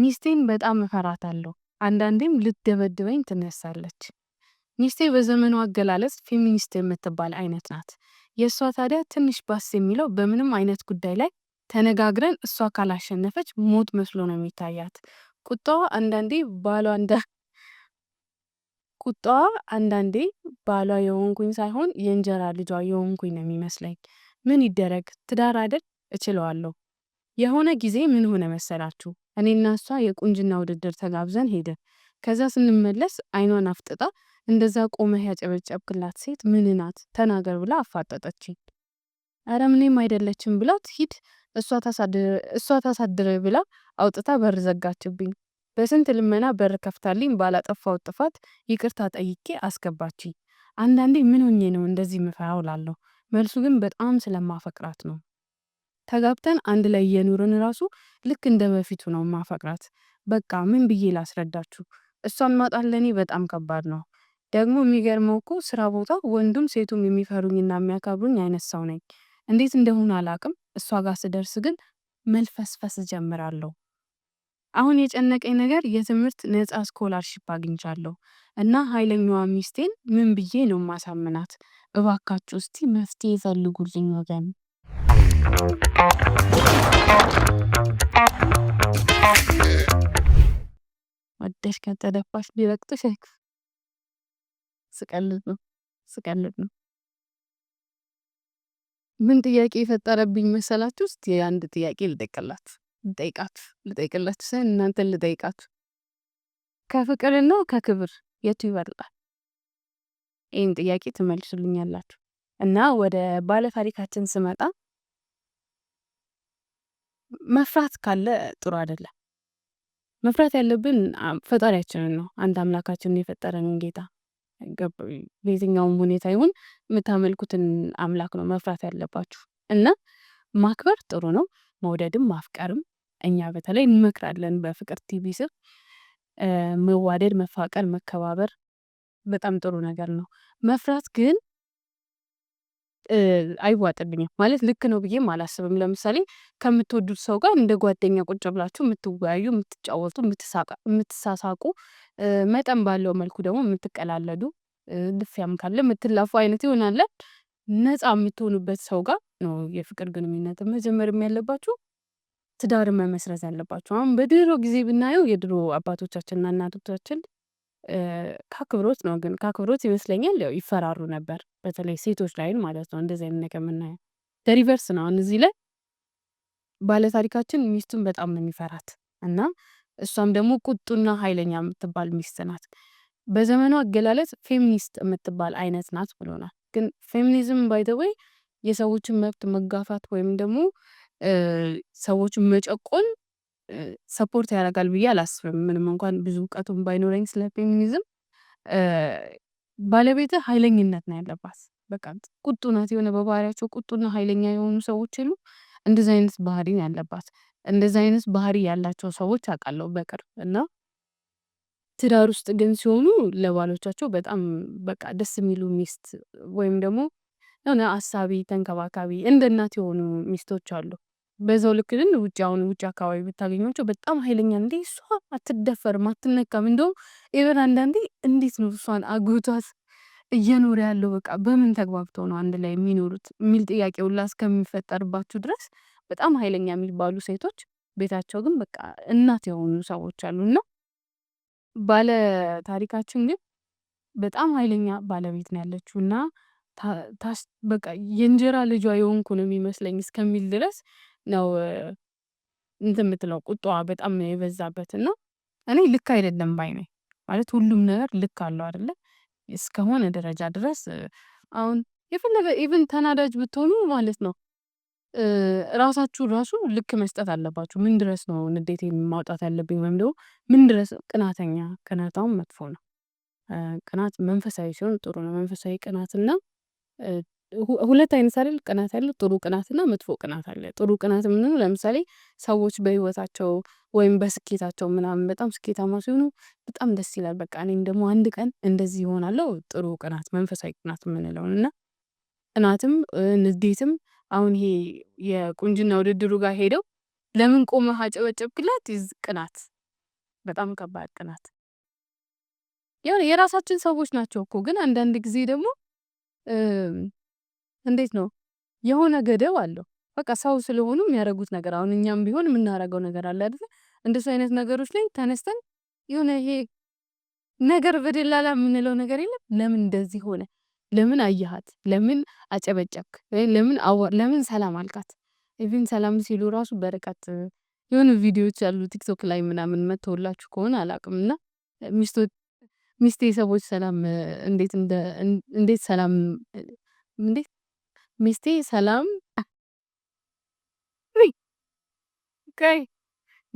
ሚስቴን በጣም እፈራታለሁ። አንዳንዴም ልትደበድበኝ ትነሳለች። ሚስቴ በዘመኑ አገላለጽ ፌሚኒስት የምትባል አይነት ናት። የእሷ ታዲያ ትንሽ ባስ የሚለው በምንም አይነት ጉዳይ ላይ ተነጋግረን እሷ ካላሸነፈች ሞት መስሎ ነው የሚታያት። ቁጣዋ አንዳንዴ ባሏ እንደ ቁጣዋ አንዳንዴ ባሏ የሆንኩኝ ሳይሆን የእንጀራ ልጇ የሆንኩኝ ነው የሚመስለኝ። ምን ይደረግ ትዳር አይደል? እችለዋለሁ። የሆነ ጊዜ ምን ሆነ መሰላችሁ? እኔና እሷ የቁንጅና ውድድር ተጋብዘን ሄደ ከዛ ስንመለስ አይኗን አፍጥጣ እንደዛ ቆመህ ያጨበጨብክላት ሴት ምንናት ተናገር ብላ አፋጠጠችኝ። አረ ምንም አይደለችም ብላት ሂድ እሷ ታሳድረ ብላ አውጥታ በር ዘጋችብኝ። በስንት ልመና በር ከፍታልኝ ባላጠፋው ጥፋት ይቅርታ ጠይቄ አስገባችኝ። አንዳንዴ ምን ሆኜ ነው እንደዚህ ምፈራው ላለሁ፣ መልሱ ግን በጣም ስለማፈቅራት ነው። ተጋብተን አንድ ላይ እየኖርን ራሱ ልክ እንደ በፊቱ ነው ማፈቅራት። በቃ ምን ብዬ ላስረዳችሁ? እሷን ማጣት ለእኔ በጣም ከባድ ነው። ደግሞ የሚገርመው እኮ ስራ ቦታ ወንዱም ሴቱም የሚፈሩኝና የሚያከብሩኝ አይነት ሰው ነኝ። እንዴት እንደሆነ አላቅም። እሷ ጋር ስደርስ ግን መልፈስፈስ ጀምራለሁ። አሁን የጨነቀኝ ነገር የትምህርት ነፃ ስኮላርሽፕ አግኝቻለሁ እና ኃይለኛዋ ሚስቴን ምን ብዬ ነው ማሳምናት? እባካችሁ እስቲ መፍትሄ ይፈልጉልኝ ወገን። ወደሽ ከተደፋሽ ቢረግጥሽ ስቀልድ ነው ስቀልድ ነው። ምን ጥያቄ የፈጠረብኝ መሰላችሁ? ውስጥ አንድ ጥያቄ ልጠይቅላችሁ ልጠይቃት ልጠይቅላችሁ ሳይሆን እናንተን ልጠይቃችሁ። ከፍቅርና ከክብር የቱ ይበልጣል? ይህን ጥያቄ ትመልሱልኛላችሁ። እና ወደ ባለታሪካችን ስመጣ መፍራት ካለ ጥሩ አይደለም። መፍራት ያለብን ፈጣሪያችንን ነው። አንድ አምላካችንን የፈጠረንን ጌታ በየትኛውም ሁኔታ ይሁን የምታመልኩትን አምላክ ነው መፍራት ያለባችሁ። እና ማክበር ጥሩ ነው፣ መውደድም ማፍቀርም እኛ በተለይ እንመክራለን። በፍቅር ቲቪ ስር መዋደድ፣ መፋቀር፣ መከባበር በጣም ጥሩ ነገር ነው። መፍራት ግን አይዋጥልኝም ማለት ልክ ነው ብዬም አላስብም። ለምሳሌ ከምትወዱት ሰው ጋር እንደ ጓደኛ ቁጭ ብላችሁ የምትወያዩ፣ የምትጫወቱ፣ የምትሳሳቁ መጠን ባለው መልኩ ደግሞ የምትቀላለዱ ልፊያም ካለ የምትላፉ አይነት ይሆናለ ነፃ የምትሆኑበት ሰው ጋር ነው የፍቅር ግንኙነት መጀመርም ያለባችሁ ትዳር መመስረት ያለባችሁ። አሁን በድሮ ጊዜ ብናየው የድሮ አባቶቻችንና እናቶቻችን ከአክብሮት ነው ግን ከአክብሮት ይመስለኛል ያው ይፈራሩ ነበር። በተለይ ሴቶች ላይን ማለት ነው እንደዚህ አይነት ነገር የምናየው። ደሪቨርስ ነው እዚህ ላይ ባለታሪካችን ሚስቱን በጣም ነው የሚፈራት እና እሷም ደግሞ ቁጡና ኃይለኛ የምትባል ሚስት ናት። በዘመኑ አገላለጽ ፌሚኒስት የምትባል አይነት ናት ብሎናል። ግን ፌሚኒዝም ባይተወይ የሰዎችን መብት መጋፋት ወይም ደግሞ ሰዎችን መጨቆን ሰፖርት ያደርጋል ብዬ አላስብም። ምንም እንኳን ብዙ እውቀቱም ባይኖረኝ ስለ ፌሚኒዝም፣ ባለቤት ኃይለኝነት ነው ያለባት። በቃ ቁጡ ናት። የሆነ በባህሪያቸው ቁጡና ኃይለኛ የሆኑ ሰዎች ሉ እንደዚ አይነት ባህሪ ያለባት እንደዚ አይነት ባህሪ ያላቸው ሰዎች አውቃለሁ በቅርብ እና ትዳር ውስጥ ግን ሲሆኑ ለባሎቻቸው በጣም በቃ ደስ የሚሉ ሚስት ወይም ደግሞ የሆነ አሳቢ ተንከባካቢ፣ እንደ እናት የሆኑ ሚስቶች አሉ። በዛው ልክ ግን ውጭ አሁን ውጭ አካባቢ ብታገኛቸው በጣም ኃይለኛ እንዴ እሷ አትደፈርም፣ አትነካም። እንደውም ኤቨን አንዳንዴ እንዴት ነው እሷን አጉቷት እየኖረ ያለው በቃ በምን ተግባብተው ነው አንድ ላይ የሚኖሩት የሚል ጥያቄ ሁላ እስከሚፈጠርባችሁ ድረስ በጣም ኃይለኛ የሚባሉ ሴቶች ቤታቸው ግን በቃ እናት የሆኑ ሰዎች አሉ። እና ባለ ታሪካችን ግን በጣም ኃይለኛ ባለቤት ነው ያለችው እና በቃ የእንጀራ ልጇ የሆንኩ ነው የሚመስለኝ እስከሚል ድረስ ነው እንትን የምትለው ቁጣዋ በጣም የበዛበት እና እኔ ልክ አይደለም ባይ ነኝ። ማለት ሁሉም ነገር ልክ አለው አይደለ? እስከሆነ ደረጃ ድረስ አሁን የፈለገ ኢቭን ተናዳጅ ብትሆኑ ማለት ነው ራሳችሁ ራሱ ልክ መስጠት አለባችሁ። ምን ድረስ ነው ንዴት ማውጣት ያለብኝ ወይም ደግሞ ምን ድረስ ቅናተኛ ቅናታውን መጥፎ ነው። ቅናት መንፈሳዊ ሲሆን ጥሩ ነው። መንፈሳዊ ቅናትና ሁለት አይነት አይደል ቅናት ያለ ጥሩ ቅናትና መጥፎ ቅናት አለ። ጥሩ ቅናት የምንለው ለምሳሌ ሰዎች በህይወታቸው ወይም በስኬታቸው ምናምን በጣም ስኬታማ ሲሆኑ በጣም ደስ ይላል። በቃ እኔም ደግሞ አንድ ቀን እንደዚህ ይሆናለው። ጥሩ ቅናት፣ መንፈሳዊ ቅናት የምንለውን እና ቅናትም ንዴትም አሁን ይሄ የቁንጅና ውድድሩ ጋር ሄደው ለምን ቆመህ አጨበጨብክላት ቅናት፣ በጣም ከባድ ቅናት። የራሳችን ሰዎች ናቸው እኮ ግን አንዳንድ ጊዜ ደግሞ እንዴት ነው የሆነ ገደብ አለው። በቃ ሰው ስለሆኑ የሚያደርጉት ነገር አሁን እኛም ቢሆን የምናደርገው ነገር አለ አይደለ? እንደሱ አይነት ነገሮች ላይ ተነስተን የሆነ ይሄ ነገር በደላላ የምንለው ነገር የለም። ለምን እንደዚህ ሆነ? ለምን አየሃት? ለምን አጨበጨብክ? ለምን ለምን ሰላም አልካት? ኢቭን ሰላም ሲሉ ራሱ በርቀት የሆኑ ቪዲዮዎች ያሉ ቲክቶክ ላይ ምናምን መተውላችሁ ከሆነ አላቅም እና ሚስቴ ሰዎች ሰላም እንዴት ሰላም እንዴት ሚስቴ ሰላም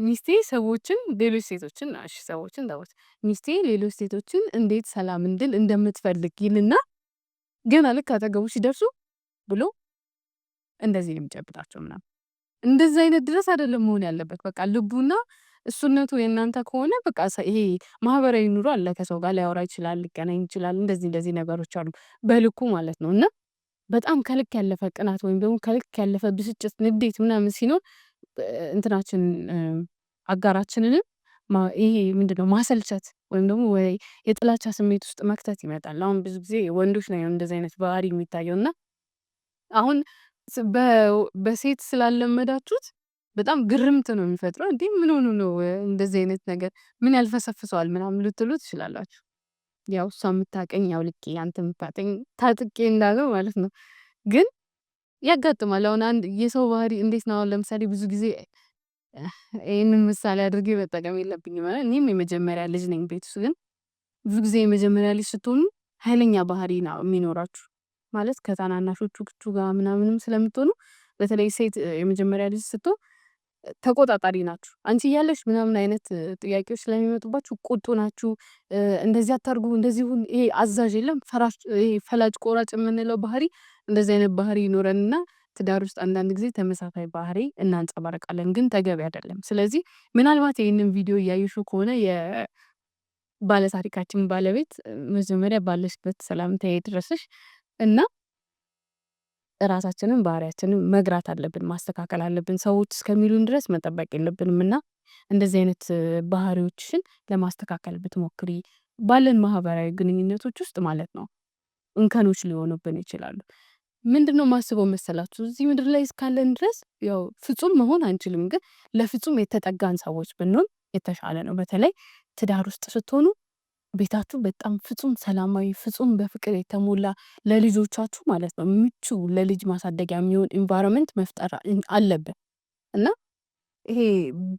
ሚስቴ ሰዎችን ሌሎች ሴቶችን እሺ ሰዎችን ተውት፣ ሚስቴ ሌሎች ሴቶችን እንዴት ሰላም እንድል እንደምትፈልግ ይልና ገና ልክ አጠገቡ ሲደርሱ ብሎ እንደዚህ የሚጨብጣቸው ምናም እንደዚህ አይነት ድረስ አይደለም መሆን ያለበት። በቃ ልቡና እሱነቱ የእናንተ ከሆነ በቃ ይሄ ማህበራዊ ኑሮ አለ። ከሰው ጋር ሊያወራ ይችላል፣ ሊገናኝ ይችላል። እንደዚህ እንደዚህ ነገሮች አሉ፣ በልኩ ማለት ነው እና በጣም ከልክ ያለፈ ቅናት ወይም ደግሞ ከልክ ያለፈ ብስጭት፣ ንዴት ምናምን ሲኖር እንትናችን አጋራችንንም ይሄ ምንድነው ማሰልቸት ወይም ደግሞ የጥላቻ ስሜት ውስጥ መክተት ይመጣል። አሁን ብዙ ጊዜ ወንዶች ነው እንደዚህ አይነት ባህሪ የሚታየው እና አሁን በሴት ስላለመዳችሁት በጣም ግርምት ነው የሚፈጥረው። እንዲህ ምን ሆኑ ነው እንደዚህ አይነት ነገር ምን ያልፈሰፍሰዋል ምናምን ልትሉ ትችላላችሁ። ያው እሷ የምታቀኝ ያው ልቄ አንተ የምታቀኝ ታጥቄ እንዳለው ማለት ነው። ግን ያጋጥማል። አሁን አንድ የሰው ባህሪ እንዴት ነው? አሁን ለምሳሌ ብዙ ጊዜ ይህንን ምሳሌ አድርጌ መጠቀም የለብኝም። እኔም የመጀመሪያ ልጅ ነኝ ቤት ውስጥ። ግን ብዙ ጊዜ የመጀመሪያ ልጅ ስትሆኑ ኃይለኛ ባህሪ ነው የሚኖራችሁ ማለት ከታናናሾቹ ክቹ ጋር ምናምንም ስለምትሆኑ በተለይ ሴት የመጀመሪያ ልጅ ስትሆን ተቆጣጣሪ ናችሁ፣ አንቺ እያለሽ ምናምን አይነት ጥያቄዎች ስለሚመጡባችሁ ቁጡ ናችሁ። እንደዚህ አታርጉ፣ እንደዚህ ይሄ አዛዥ የለም ይሄ ፈላጭ ቆራጭ የምንለው ባህሪ እንደዚህ አይነት ባህሪ ይኖረንና ትዳር ውስጥ አንዳንድ ጊዜ ተመሳሳይ ባህሪ እናንጸባርቃለን፣ ግን ተገቢ አይደለም። ስለዚህ ምናልባት ይህንን ቪዲዮ እያየሹ ከሆነ የባለታሪካችን ባለቤት መጀመሪያ ባለሽበት ሰላምታ ድረስሽ እና ራሳችንን ባህሪያችንን መግራት አለብን ማስተካከል አለብን ሰዎች እስከሚሉን ድረስ መጠበቅ የለብንም እና እንደዚህ አይነት ባህሪዎችን ለማስተካከል ብትሞክሪ ባለን ማህበራዊ ግንኙነቶች ውስጥ ማለት ነው እንከኖች ሊሆኑብን ይችላሉ ምንድነው ማስበው መሰላችሁ እዚህ ምድር ላይ እስካለን ድረስ ያው ፍጹም መሆን አንችልም ግን ለፍጹም የተጠጋን ሰዎች ብንሆን የተሻለ ነው በተለይ ትዳር ውስጥ ስትሆኑ ቤታችሁ በጣም ፍጹም ሰላማዊ ፍጹም በፍቅር የተሞላ ለልጆቻችሁ ማለት ነው ምቹ ለልጅ ማሳደጊያ የሚሆን ኢንቫይሮንመንት መፍጠር አለብን እና ይሄ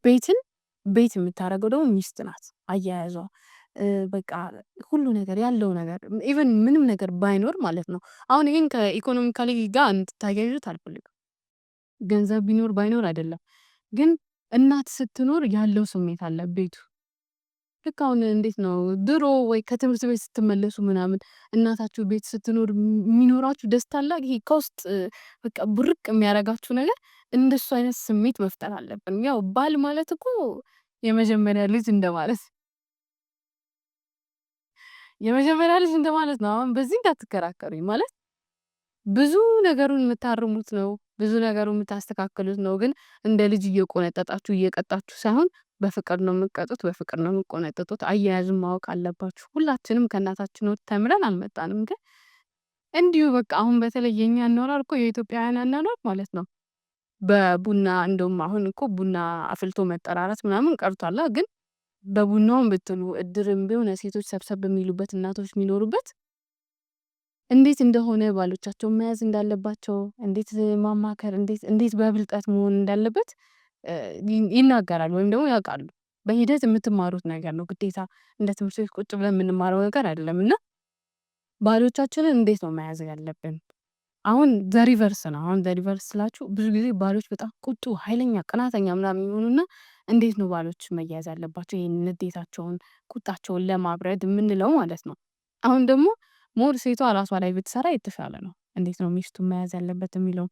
ቤትን ቤት የምታደርገው ደግሞ ሚስት ናት። አያያዟ በቃ ሁሉ ነገር ያለው ነገር ኢቨን ምንም ነገር ባይኖር ማለት ነው። አሁን ይህን ከኢኮኖሚካሊ ጋር እንድታያዩት አልፈልግም። ገንዘብ ቢኖር ባይኖር አይደለም፣ ግን እናት ስትኖር ያለው ስሜት አለ ቤቱ ልክ አሁን እንዴት ነው ድሮ ወይ ከትምህርት ቤት ስትመለሱ ምናምን እናታችሁ ቤት ስትኖር የሚኖራችሁ ደስታ አለ። ይሄ ከውስጥ በቃ ብርቅ የሚያረጋችሁ ነገር እንደሱ አይነት ስሜት መፍጠር አለብን። ያው ባል ማለት እኮ የመጀመሪያ ልጅ እንደማለት የመጀመሪያ ልጅ እንደማለት ነው። አሁን በዚህ እንዳትከራከሩኝ። ማለት ብዙ ነገሩን የምታርሙት ነው፣ ብዙ ነገሩ የምታስተካክሉት ነው። ግን እንደ ልጅ እየቆነጠጣችሁ እየቀጣችሁ ሳይሆን በፍቅር ነው የምቀጡት በፍቅር ነው የምቆነጥጡት። አያያዝን ማወቅ አለባችሁ። ሁላችንም ከእናታችን ወጥ ተምረን አልመጣንም፣ ግን እንዲሁ በቃ አሁን በተለይ የኛ አኗኗር እኮ የኢትዮጵያውያን አኗኗር ማለት ነው በቡና እንደውም አሁን እኮ ቡና አፍልቶ መጠራራት ምናምን ቀርቷላ። ግን በቡናውን ብትሉ እድርም ቢሆን ሴቶች ሰብሰብ በሚሉበት እናቶች የሚኖሩበት እንዴት እንደሆነ ባሎቻቸው መያዝ እንዳለባቸው እንዴት ማማከር እንዴት በብልጠት መሆን እንዳለበት ይናገራል ወይም ደግሞ ያውቃሉ። በሂደት የምትማሩት ነገር ነው ግዴታ እንደ ትምህርት ቤት ቁጭ ብለን የምንማረው ነገር አይደለም። እና ባሎቻችንን እንዴት ነው መያዝ ያለብን? አሁን ዘሪቨርስ ነው። አሁን ዘሪቨርስ ስላችሁ ብዙ ጊዜ ባሎች በጣም ቁጡ፣ ኃይለኛ፣ ቅናተኛ ምናምን የሚሆኑና እንዴት ነው ባሎች መያዝ ያለባቸው? ይህን ንዴታቸውን፣ ቁጣቸውን ለማብረድ የምንለው ማለት ነው። አሁን ደግሞ ሞር ሴቷ ራሷ ላይ ብትሰራ የተሻለ ነው። እንዴት ነው ሚስቱ መያዝ ያለበት የሚለውን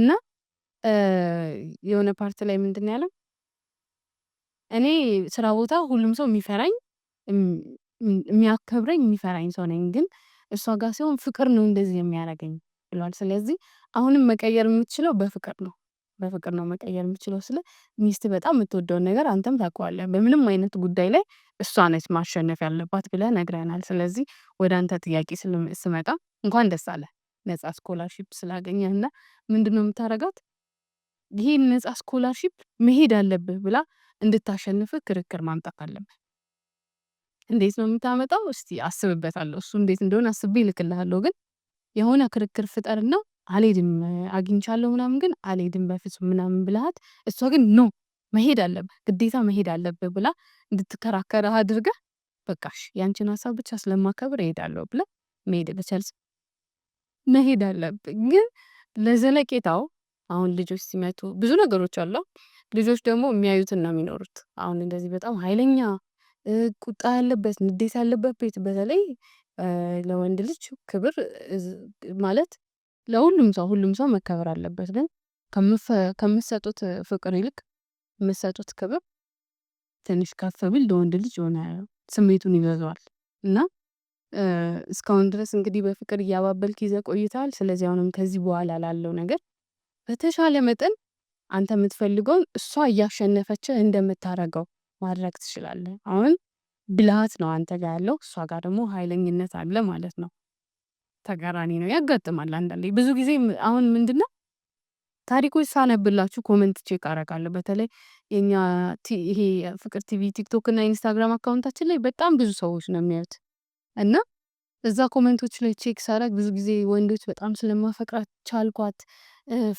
እና የሆነ ፓርት ላይ ምንድን ያለው? እኔ ስራ ቦታ ሁሉም ሰው የሚፈራኝ የሚያከብረኝ የሚፈራኝ ሰው ነኝ፣ ግን እሷ ጋር ሲሆን ፍቅር ነው እንደዚህ የሚያደርገኝ ብሏል። ስለዚህ አሁንም መቀየር የምትችለው በፍቅር ነው በፍቅር ነው መቀየር የምችለው። ስለ ሚስት በጣም የምትወደውን ነገር አንተም ታውቀዋለህ። በምንም አይነት ጉዳይ ላይ እሷ ነች ማሸነፍ ያለባት ብለህ ነግረናል። ስለዚህ ወደ አንተ ጥያቄ ስመጣ እንኳን ደስ አለ ነጻ ስኮላርሺፕ ስላገኘህ እና ምንድን ነው የምታደርጋት ይሄን ነጻ ስኮላርሺፕ መሄድ አለብህ ብላ እንድታሸንፍ ክርክር ማምጣት አለብህ። እንዴት ነው የምታመጣው? እስቲ አስብበታለሁ። እሱ እንዴት እንደሆነ አስቤ ይልክልሃለሁ። ግን የሆነ ክርክር ነው አልሄድም አግኝቻለሁ ምናምን ግን አልሄድም በፍጹም ምናምን ብልሃት እሷ ግን ኖ መሄድ አለብህ ግዴታ መሄድ አለብህ ብላ እንድትከራከረህ አድርገህ በቃሽ ያንቺን ሀሳብ ብቻ ስለማከብር እሄዳለሁ ብለህ መሄድ መቻል መሄድ አለብህ ግን ለዘለቄታው አሁን ልጆች ሲመጡ ብዙ ነገሮች አሉ። ልጆች ደግሞ የሚያዩትን ነው የሚኖሩት። አሁን እንደዚህ በጣም ኃይለኛ ቁጣ ያለበት ንዴት ያለበት ቤት በተለይ ለወንድ ልጅ ክብር ማለት ለሁሉም ሰው ሁሉም ሰው መከበር አለበት። ግን ከምትሰጡት ፍቅር ይልቅ የምትሰጡት ክብር ትንሽ ከፍ ቢል ለወንድ ልጅ የሆነ ስሜቱን ይገዛዋል። እና እስካሁን ድረስ እንግዲህ በፍቅር እያባበልክ ይዘህ ቆይተሃል። ስለዚህ አሁንም ከዚህ በኋላ ላለው ነገር በተሻለ መጠን አንተ የምትፈልገውን እሷ እያሸነፈች እንደምታረገው ማድረግ ትችላለህ። አሁን ብልሃት ነው አንተ ጋር ያለው፣ እሷ ጋር ደግሞ ኃይለኝነት አለ ማለት ነው። ተጋራኒ ነው፣ ያጋጥማል አንዳንዴ። ብዙ ጊዜ አሁን ምንድነው ታሪኮች ሳነብላችሁ ኮመንት ቼክ አረጋለሁ። በተለይ የኛ ይሄ ፍቅር ቲቪ ቲክቶክ እና ኢንስታግራም አካውንታችን ላይ በጣም ብዙ ሰዎች ነው የሚያዩት እና እዛ ኮመንቶች ላይ ቼክ ሳረግ ብዙ ጊዜ ወንዶች በጣም ስለማፈቅራት ቻልኳት፣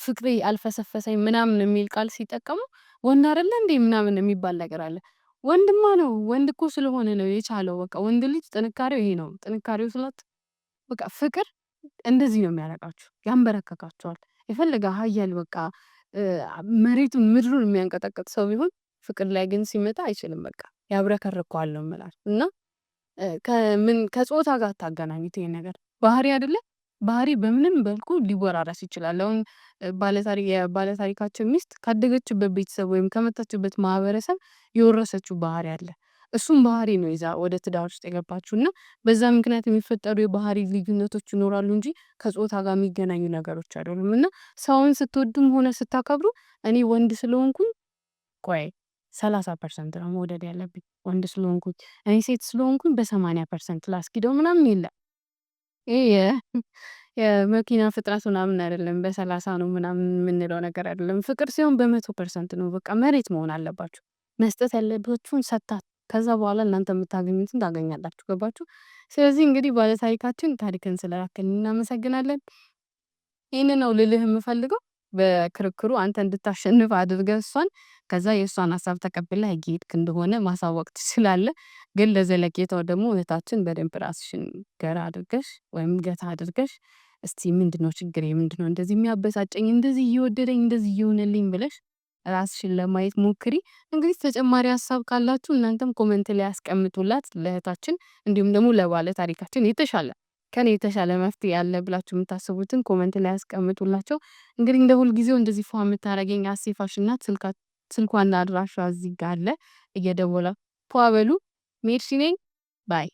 ፍቅሬ አልፈሰፈሰኝ ምናምን የሚል ቃል ሲጠቀሙ ወንድ አይደለ እንዴ ምናምን የሚባል ነገር አለ። ወንድማ ነው ወንድ እኮ ስለሆነ ነው የቻለው። በቃ ወንድ ልጅ ጥንካሬው ይሄ ነው። ጥንካሬው ስላት በቃ ፍቅር እንደዚህ ነው የሚያረቃችሁ፣ ያንበረከካችኋል። የፈለገ ሀያል በቃ መሬቱን ምድሩን የሚያንቀጠቅጥ ሰው ቢሆን ፍቅር ላይ ግን ሲመጣ አይችልም። በቃ ያብረከርከዋል ነው የምላችሁ እና ከምን ከጾታ ጋር አታገናኙት። ይሄ ነገር ባህሪ አይደለ። ባህሪ በምንም መልኩ ሊወራረስ ይችላል። አሁን የባለታሪካችን ሚስት ካደገችበት ቤተሰብ ወይም ከመጣችበት ማህበረሰብ የወረሰችው ባህሪ አለ። እሱም ባህሪ ነው ይዛ ወደ ትዳር ውስጥ የገባችው እና በዛ ምክንያት የሚፈጠሩ የባህሪ ልዩነቶች ይኖራሉ እንጂ ከጾታ ጋር የሚገናኙ ነገሮች አይደሉም። እና ሰውን ስትወዱም ሆነ ስታከብሩ እኔ ወንድ ስለሆንኩኝ ቆይ ሰላሳ ፐርሰንት ነው መውደድ ያለብኝ ወንድ ስለሆንኩኝ። እኔ ሴት ስለሆንኩኝ በሰማንያ ፐርሰንት ላስኪደው ምናምን የለም። ይህ የመኪና ፍጥረት ምናምን አይደለም። በሰላሳ ነው ምናምን የምንለው ነገር አይደለም። ፍቅር ሲሆን በመቶ ፐርሰንት ነው። በቃ መሬት መሆን አለባችሁ። መስጠት ያለባችሁን ሰታት ከዛ በኋላ እናንተ የምታገኙትን ታገኛላችሁ። ገባችሁ? ስለዚህ እንግዲህ ባለታሪካችን ታሪክን ስለላከልን እናመሰግናለን። ይህን ነው ልልህ የምፈልገው። በክርክሩ አንተ እንድታሸንፍ አድርገ እሷን ከዛ የእሷን ሀሳብ ተቀብለ ጌድክ እንደሆነ ማሳወቅ ትችላለ። ግን ለዘለቄታው ደግሞ እህታችን በደንብ ራስሽን ገራ አድርገሽ ወይም ገታ አድርገሽ እስቲ ምንድነው ችግር ምንድነው እንደዚህ የሚያበሳጨኝ እንደዚህ እየወደደኝ እንደዚህ እየሆነልኝ ብለሽ ራስሽን ለማየት ሞክሪ። እንግዲህ ተጨማሪ ሀሳብ ካላችሁ እናንተም ኮመንት ላይ ያስቀምጡላት ለእህታችን፣ እንዲሁም ደግሞ ለባለ ታሪካችን የተሻለ ከኔ የተሻለ መፍትሄ አለ ብላችሁ የምታስቡትን ኮመንት ላይ ያስቀምጡላቸው። እንግዲህ እንደ ሁልጊዜው እንደዚህ ፏ የምታደርገኝ አሴፋሽና ስልኳና አድራሿ እዚህ ጋር አለ። እየደወላ ፏ በሉ። ሜርሲ ነኝ ባይ